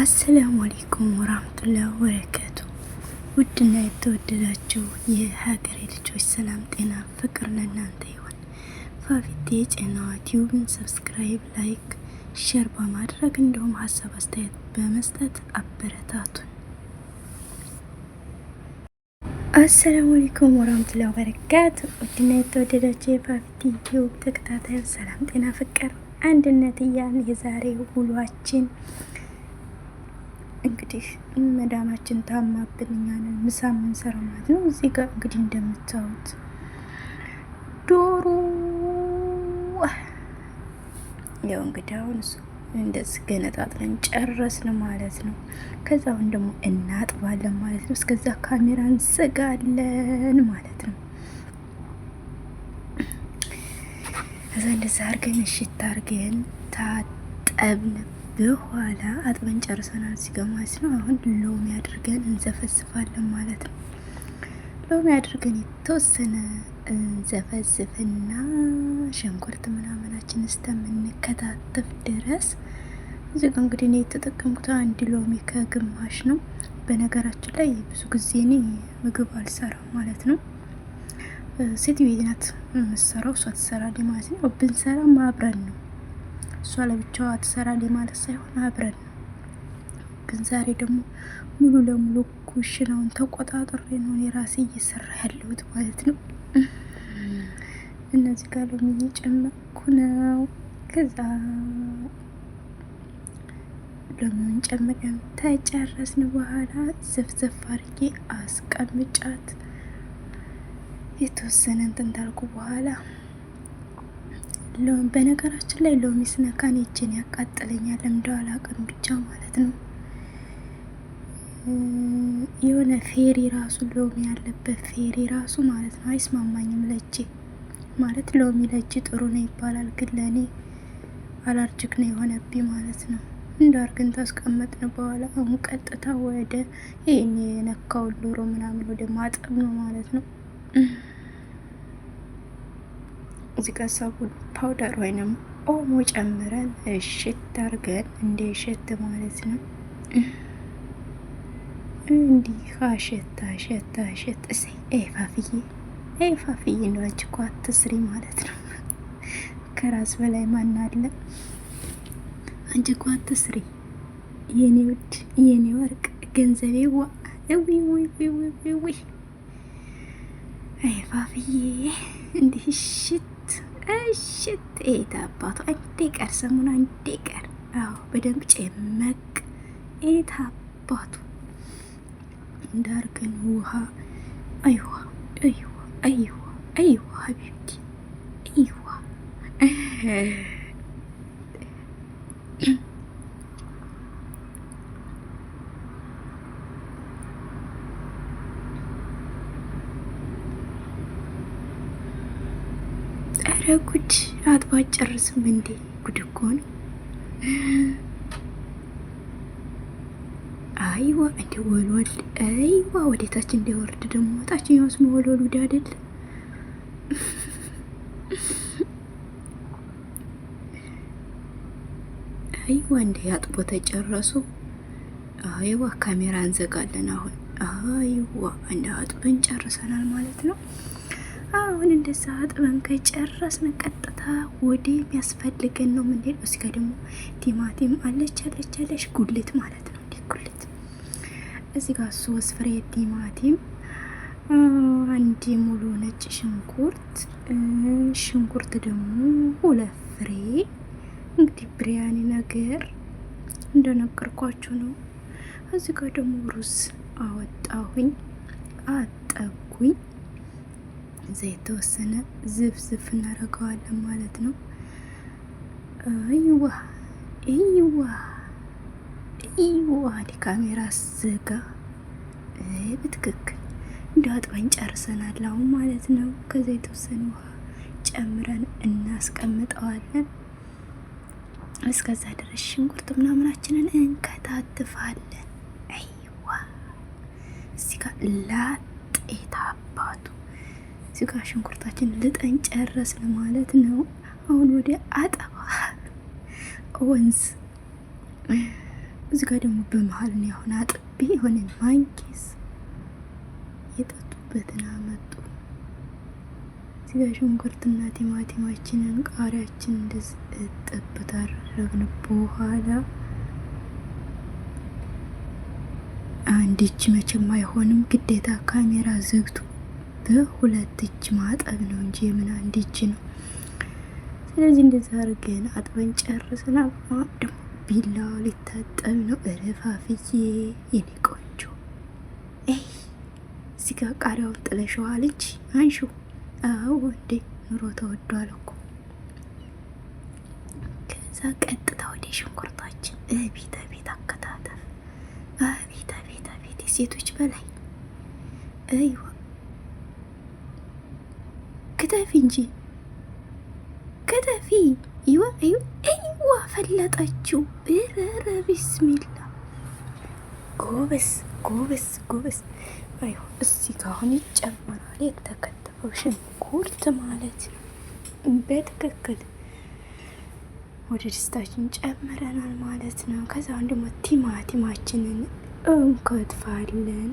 አሰላሙ አሌይኩም ወራህመቱላሂ ወበረካቱ። ውድና የተወደዳችሁ የሀገሬ ልጆች ሰላም፣ ጤና፣ ፍቅር ለእናንተ ይሆን። ፋፊቴ ጤናዋ ቲዩብን ሰብስክራይብ፣ ላይክ፣ ሼር በማድረግ እንዲሁም ሀሳብ አስተያየት በመስጠት አበረታቱን። አሰላሙ አሌይኩም ወራህመቱላሂ ወበረካቱ። ውድና የተወደዳችሁ የፋፊቴ ቲዩብ ተከታታዮች ሰላም፣ ጤና፣ ፍቅር፣ አንድነት እያልን የዛሬ ውሏችን እንግዲህ መዳማችን ታማብን እኛን ምሳ ምንሰራ ማለት ነው። እዚህ ጋር እንግዲህ እንደምታዩት ዶሮ ያው እንግዲህ አሁን እሱ እንደዚህ ገነጣጥለን ጨረስን ማለት ነው። ከዛ አሁን ደግሞ እናጥባለን ማለት ነው። እስከዛ ካሜራ እንዘጋለን ማለት ነው። ከዛ እንደዛ አርገን እሽት አርገን ታጠብን። በኋላ አጥበን ጨርሰናል ሲጋ ማለት ነው። አሁን ሎሚ አድርገን እንዘፈስፋለን ማለት ነው። ሎሚ አድርገን የተወሰነ እንዘፈዝፍና ሸንኩርት ምናምናችን እስከምንከታተፍ ድረስ እዚጋ እንግዲህ እኔ የተጠቀምኩት አንድ ሎሚ ከግማሽ ነው። በነገራችን ላይ ብዙ ጊዜ እኔ ምግብ አልሰራም ማለት ነው። ሴትዮ ናት የምትሰራው፣ እሷ ትሰራለች ማለት ነው። ብንሰራም አብረን ነው እሷ ለብቻዋ ትሰራለች ማለት ሳይሆን አብረን ነው። ግን ዛሬ ደግሞ ሙሉ ለሙሉ ኩሽናውን ተቆጣጥሬ ነው የራሴ እየሰራ ያለሁት ማለት ነው። እነዚህ ጋር ሎሚ እየጨመርኩ ነው። ከዛ ሎሚውን ተጨረስን በኋላ ዘፍዘፍ አድርጌ አስቀምጫት የተወሰነ እንትን ታልኩ በኋላ በነገራችን ላይ ሎሚ ስነካን እጄን ያቃጥለኛል። እንደው አላቅም ብቻ ማለት ነው። የሆነ ፌሪ ራሱ ሎሚ ያለበት ፌሪ ራሱ ማለት ነው አይስማማኝም ለእጄ ማለት ሎሚ ለእጅ ጥሩ ነው ይባላል፣ ግን ለእኔ አላርጅክ ነው የሆነብኝ ማለት ነው። እንደ አርግን ታስቀመጥን በኋላ አሁን ቀጥታ ወደ ይህን የነካውን ዶሮ ምናምን ወደ ማጠብ ነው ማለት ነው። እዚህ ጋር ሳቡን ፓውደር ወይንም ኦሞ ጨምረን እሽት አርገን እንደ እሽት ማለት ነው። እንዲህ አሸት አሸት አሸት እሴ ፋፍዬ ፋፍዬ ነው። አንቺ እኮ አትስሪ ማለት ነው። ከራስ በላይ ማን አለ? አንቺ እኮ አትስሪ የኔ ውድ የኔ ወርቅ ገንዘቤ ዋ ዊ ዊ ዊ ፋፍዬ እንዲህ እሽት እሽት ይሄት አባቱ አንዴ ቀር ሰሙን አንዴ ቀር። አዎ በደንብ ጨመቅ። ይሄት አባቱ እንዳርገን ውሃ አይዋ አይዋ አይዋ አይዋ ሀቢብቲ አይዋ ኧረ ጉድ አጥባ ጨርስም እንዴ ጉድ እኮ ነው። አይዋ እንደ ወልወል አይዋ ወደታች እንደወርድ ደግሞ ወጣችኛው ስሙ ወልወል ውድ አይደል? አይዋ እንደ ያጥቦ ተጨረሱ። አይዋ ካሜራ እንዘጋለን አሁን። አይዋ እንደ አጥበን ጨርሰናል ማለት ነው። አሁን እንደዛ አጥበን ከጨረስን ቀጥታ ወደ የሚያስፈልገን ነው የምንሄደው። እዚህ ጋ ደግሞ ቲማቲም አለች አለች አለች ጉልት ማለት ነው እንዴ ጉልት። እዚህ ጋር ሶስት ፍሬ ቲማቲም፣ አንድ ሙሉ ነጭ ሽንኩርት፣ ሽንኩርት ደግሞ ሁለት ፍሬ። እንግዲህ ብሪያኒ ነገር እንደነገርኳችሁ ነው። እዚህ ጋ ደግሞ ሩዝ አወጣሁኝ አጠብኩኝ። የተወሰነ ዝፍዝፍ እናደርገዋለን ማለት ነው። እይዋ እይዋ እይዋ ካሜራ ዘጋ። በትክክል እንደ አጥበን ጨርሰናል አሁን ማለት ነው። ከዛ የተወሰነ ውሃ ጨምረን እናስቀምጠዋለን። እስከዛ ድረስ ሽንኩርት ምናምናችንን እንከታትፋለን። አይዋ እዚህ ጋር ላጤት አባቱ እዚህ ጋር ሽንኩርታችን ልጠን ጨረስን ማለት ነው። አሁን ወደ አጠባ ወንዝ እዚህ ጋር ደግሞ በመሀል ነው የሆነ አጥቤ የሆነ ማንኪስ የጠጡበትን አመጡ። እዚህ ጋር ሽንኩርትና ቲማቲማችንን ቃሪያችን እንደዚ እጠብት አደረግን በኋላ አንድ እጅ መቼም አይሆንም፣ ግዴታ ካሜራ ዘግቶ በሁለት እጅ ማጠብ ነው እንጂ የምን አንድ እጅ ነው። ስለዚህ እንደዛ አርገን አጥበን ጨርስና ደግሞ ቢላዋ ሊታጠብ ነው። እረፋፍዬ የኔ ቆንጆ ይ እዚህ ጋር ቃሪያውን ጥለሸዋለች። አንሹ ወንዴ ኑሮ ተወዷል እኮ። ከዛ ቀጥታ ወደ ሽንኩርታችን እቤት ቤት አከታተል አቤት አቤት አቤት የሴቶች በላይ እይዋ ክተፊ እንጂ ክተፊ። ይዋ እዩ ፈለጠችው። ብረረ ቢስሚላ ጎበስ ጎበስ ጎበስ። አይ እዚህ ጋ አሁን ይጨመራል የተከተፈው ሽንኩርት ማለት በትክክል ወደ ድስታችን ጨምረናል ማለት ነው። ከዛ አሁን ደግሞ ቲማቲማችንን እንከትፋለን።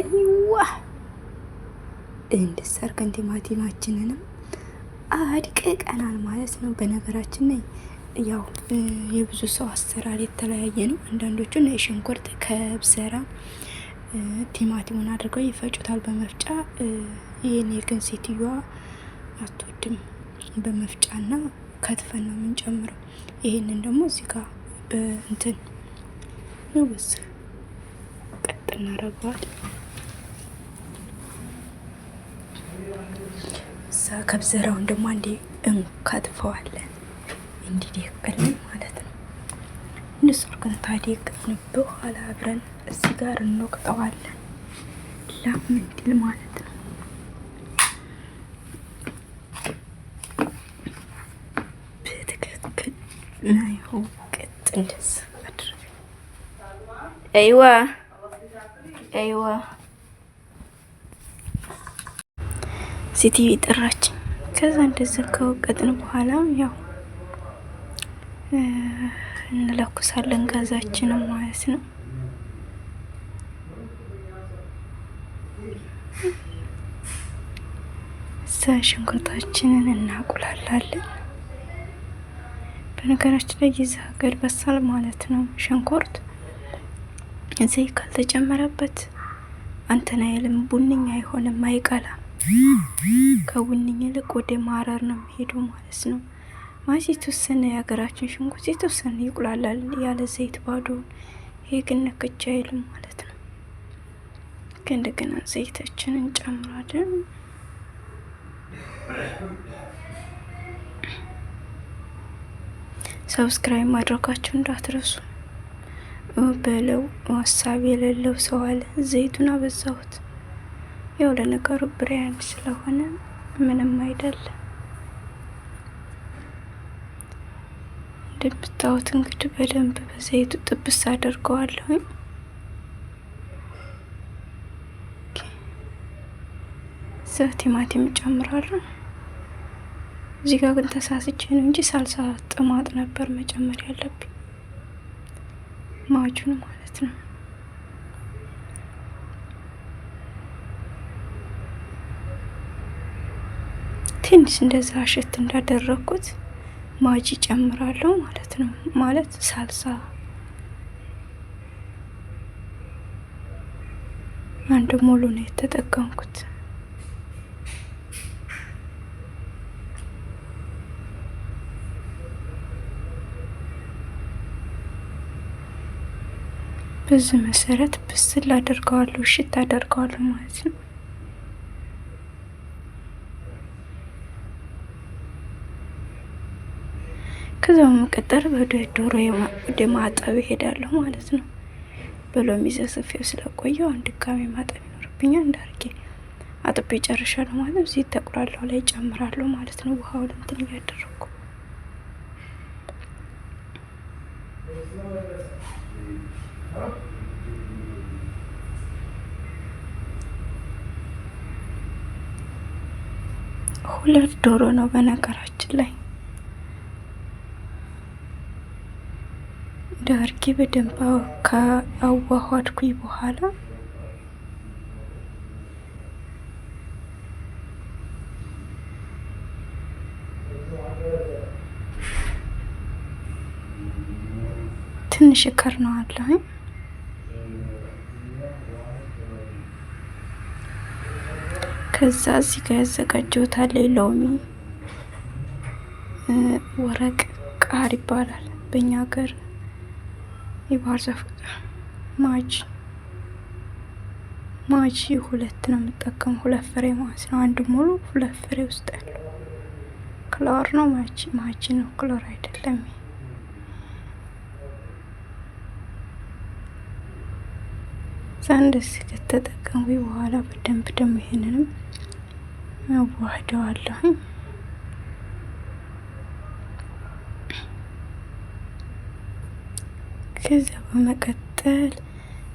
እይዋ እንድሰርገን ቲማቲማችንንም አድቅቀናል ማለት ነው። በነገራችን ላይ ያው የብዙ ሰው አሰራር የተለያየ ነው። አንዳንዶቹ ነ ሽንኩርት ከብሰራ ቲማቲሙን አድርገው ይፈጩታል በመፍጫ። ይህኔ ግን ሴትዮዋ አትወድም በመፍጫና ከትፈን ነው የምንጨምረው። ይህንን ደግሞ እዚህ ጋ በእንትን ነው ቀጥ እናረገዋል። ከዛ ከብዘራውን ደግሞ አንዴ እንከትፈዋለን እንዲደቅልን ማለት ነው። ንሱር ግን ታደቅን በኋላ አብረን እዚህ ጋር እንወቅጠዋለን ላም እንዲል ማለት ነው። በትክክል ናይሆን ቅጥ እንደዚህ አድርገን አይዋ አይዋ ሲቲቪ ጥራች ከዛ እንደዛ ከወቀጥን በኋላ ያው እንለኩሳለን ጋዛችንም ማለት ነው። እዛ ሽንኩርታችንን እናቁላላለን። በነገራችን ላይ የዚህ ሀገር በሳል ማለት ነው ሽንኩርት እዚህ ካልተጨመረበት አንተን አይልም፣ ቡንኛ አይሆንም፣ አይቀላም። ከቡንኝ ይልቅ ወደ ማረር ነው የሚሄደው ማለት ነው። ማዚ የተወሰነ የሀገራችን ሽንኩርት የተወሰነ ይቁላላል ያለ ዘይት ባዶውን። ይሄ ግን ነክቻ አይልም ማለት ነው። እንደገና ዘይታችንን እንጨምራለን። ሰብስክራይብ ማድረጋችሁ እንዳትረሱ። በለው ሀሳብ የሌለው ሰው አለ። ዘይቱን አበዛሁት። ያው ለነገሩ ብሪያን ስለሆነ ምንም አይደለም። እንደምታዩት እንግዲህ በደንብ በዘይቱ ጥብስ አድርገዋለሁኝ። እዛ ቲማቲም እጨምራለሁ። እዚህ ጋር ግን ተሳስቼ ነው እንጂ ሳልሳ ጥማጥ ነበር መጨመር ያለብኝ ማጁን ማለት ነው። ትንሽ እንደዛ ሽት እንዳደረግኩት ማጂ ጨምራለሁ ማለት ነው። ማለት ሳልሳ አንድ ሙሉ ነው የተጠቀምኩት። በዚህ መሰረት ብስል አደርገዋለሁ፣ እሽት አደርገዋለሁ ማለት ነው። ከዛ በመቀጠል ወደ ዶሮ ወደ ማጠብ ማለት ነው። በሎሚ ዘስፌው ስለቆየው አንድ ድጋሜ ማጠብ ይኖርብኛል። እንዳርጌ አጥቤ ጨርሻለሁ ማለት ነው። እዚህ ላይ ጨምራለሁ ማለት ነው። ውሃው እንትን እያደረኩ ሁለት ዶሮ ነው በነገራችን ላይ ዳርጌ በደንብ ከአዋኋድኩኝ በኋላ ትንሽ እከር ነው አለኝ። ከዛ እዚህ ጋር ያዘጋጀውታል ሎሚ ወረቅ ቃር ይባላል በእኛ ሀገር የባህር ዛፍ ቅጠል ማጅ ማጅ ሁለት ነው የምጠቀመው። ሁለት ፍሬ ማለት ነው። አንድ ሙሉ ሁለት ፍሬ ውስጥ ያለው ክሎር ነው። ማጅ ማጅ ነው ክሎር አይደለም። እንደዚህ ከተጠቀሙ በኋላ በደንብ ደግሞ ይሄንንም አዋህደዋለሁኝ። ከዚያ በመቀጠል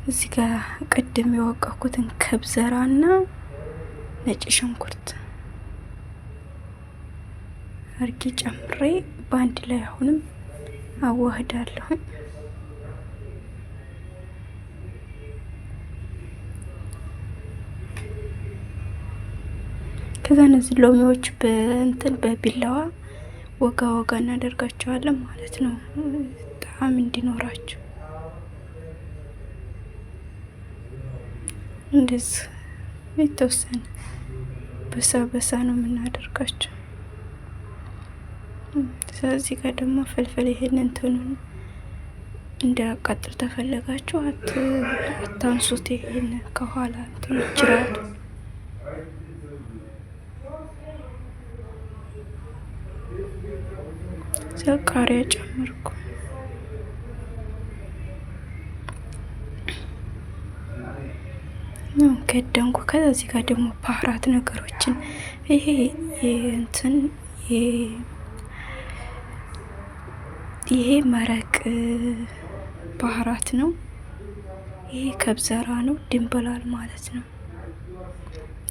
እዚ ጋር ቅድም የወቀኩትን እና ነጭ ሽንኩርት አርጌ ጨምሬ በአንድ ላይ አሁንም አዋህዳለሁ። ከዛ እነዚህ ሎሚዎች በእንትን በቢላዋ ወጋ ወጋ እናደርጋቸዋለን ማለት ነው ጣዕም እንዲኖራቸው እንደዚህ የተወሰነ በሳ በሳ ነው የምናደርጋቸው። ስለዚህ ጋር ደግሞ ፍልፍል ይሄንን እንትኑን እንዳያቃጥል ተፈለጋችሁ አታንሱት። ይሄን ከኋላ እንትኑ ይችላሉ። ቃሪያ ጨምርኩ። ገደንኩ። ከዚህ ጋር ደግሞ ባህራት ነገሮችን ይሄ እንትን ይሄ መረቅ ባህራት ነው። ይሄ ከብዘራ ነው፣ ድንብላል ማለት ነው።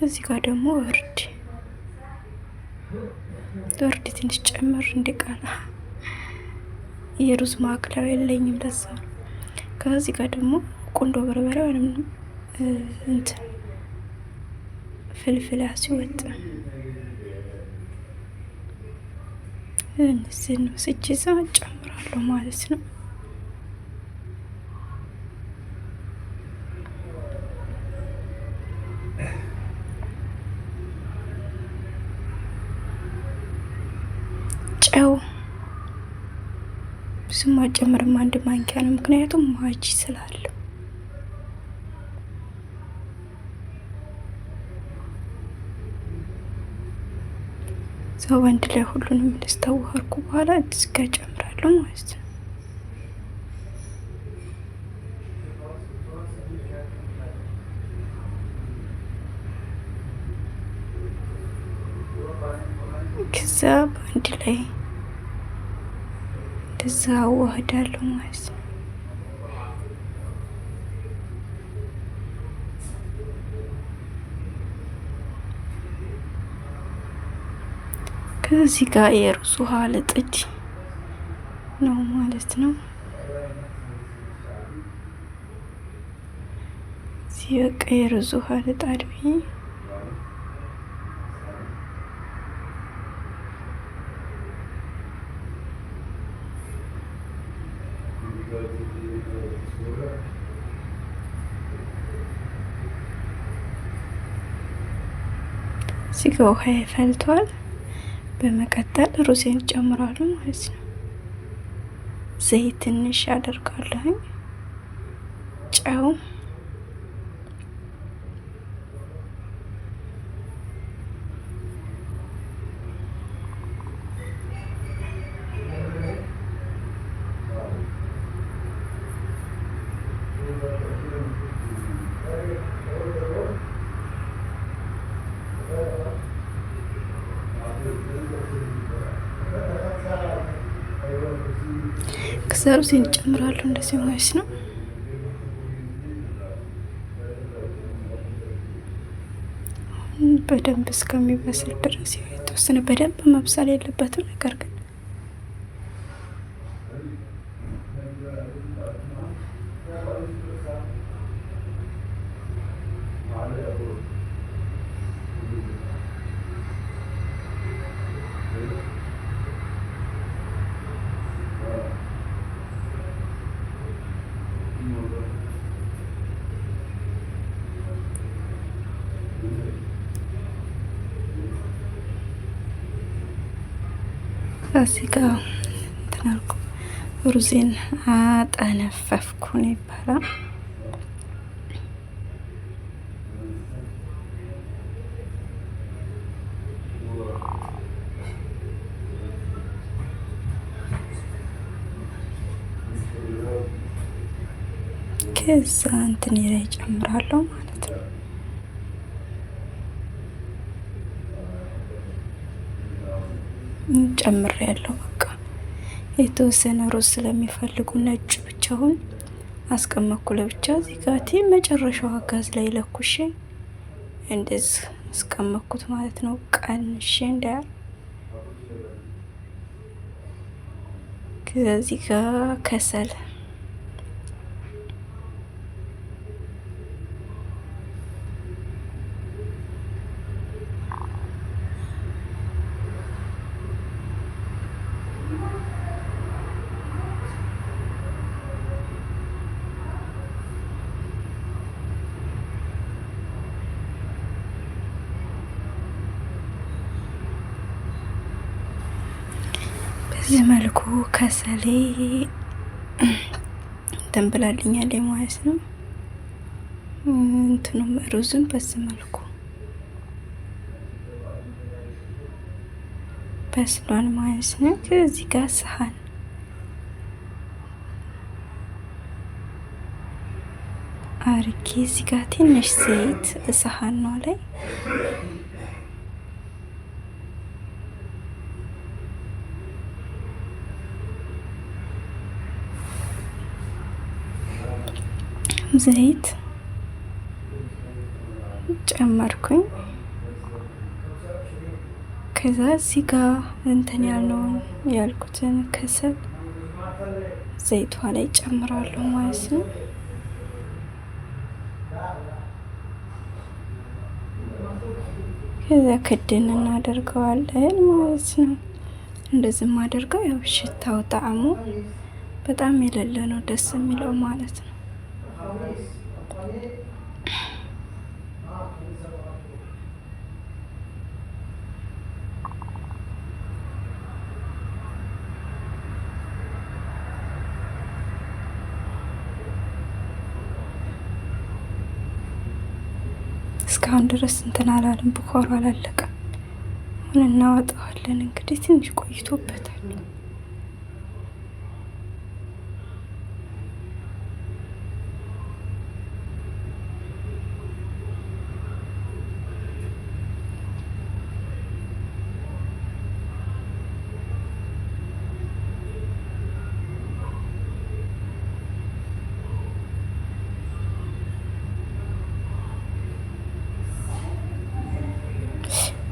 እዚህ ጋር ደግሞ እርድ እርድ ትንሽ ጨምር እንዲቀና የሩዝ ማዕከላዊ የለኝም ለዛ ነው። ከዚህ ጋር ደግሞ ቁንዶ በርበሬ ወይም ፍልፍላ ሲወጥ እነዚህን ወስጄ እዛ እጨምራለሁ ማለት ነው። ጨው ብዙም አጨምርም አንድ ማንኪያ ነው፣ ምክንያቱም ማጅ ስላለው ሰው አንድ ላይ ሁሉንም እንዳስተዋወርኩ በኋላ እዚህ ጋር ጨምራለሁ ማለት ነው። ከዛ በአንድ ላይ እንደዛ አዋህዳለሁ ማለት ነው። ከዚህ ጋር የሩዝ ውሃ ለጥድ ነው ማለት ነው። እዚህ በቃ የሩዝ ውሃ ለጣድ ብዬ እዚህ ጋር ውሃ ፈልቷል። በመቀጠል ሩዝን ጨምራለሁ ማለት ነው። ዘይት ትንሽ አደርጋለሁ። ጨው ከዛ ሩዝን ጨምራለሁ እንደዚህ ማለት ነው። በደንብ እስከሚበስል ድረስ የተወሰነ በደንብ መብሳል የለበትም ነገር ግን እዚህ ጋ እንትን አልኩ፣ ሩዜን አጠነፈፍኩ ነው ይባላል። ከዛ እንትን ላይ ጨምራለሁ። ጨምር ያለው በቃ የተወሰነ ሮዝ ስለሚፈልጉ ነጭ ብቻውን አስቀመኩ ለብቻ። እዚህ መጨረሻው ቲም ጋዝ ላይ ለኩሼ እንደዚህ አስቀመኩት ማለት ነው። ቀንሼ እንዳያል ከዚህ ከሰል በዚህ መልኩ ከሰሌ እንትን ብላልኛል ማለት ነው። እንትኑም ሩዝም በዚህ መልኩ በስሏል ማለት ነው። ከዚህ ጋር ሰሀን አርጌ እዚህ ጋር ትንሽ ዘይት ሰሀን ነው ላይ ዘይት ጨመርኩኝ። ከዛ እዚህ ጋር እንትን ያለውን ያልኩትን ከሰል ዘይቷ ላይ ጨምራለሁ ማለት ነው። ከዛ ክድን እናደርገዋለን ማለት ነው። እንደዚህ ማደርገው ያው ሽታው ጣዕሙ በጣም የሌለ ነው ደስ የሚለው ማለት ነው። እስካሁን ድረስ እንትን አላለም፣ ብኳሩ አላለቀም። አሁን እናወጣዋለን። እንግዲህ ትንሽ ቆይቶበታል።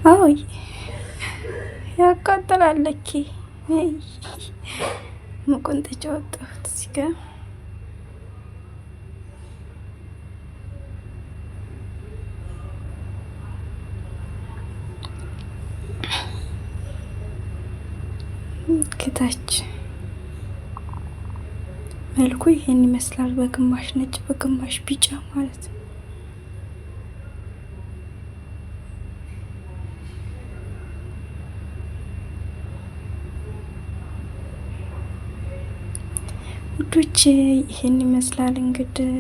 አይ ያቃጥላለኪ መቆንጠጫ ወጣሁት እዚህ ከታች መልኩ ይሄን ይመስላል። በግማሽ ነጭ በግማሽ ቢጫ ማለት ነው። ውዶቼ ይህን ይመስላል እንግዲህ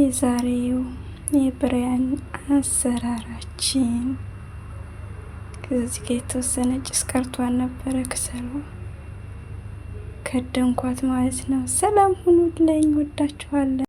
የዛሬው የብሪያን አሰራራችን። ከዚህ ጋር የተወሰነ ጭስ ቀርቷን ነበረ ክሰሉ ከደንኳት ማለት ነው። ሰላም ለኝ ወዳችኋለን።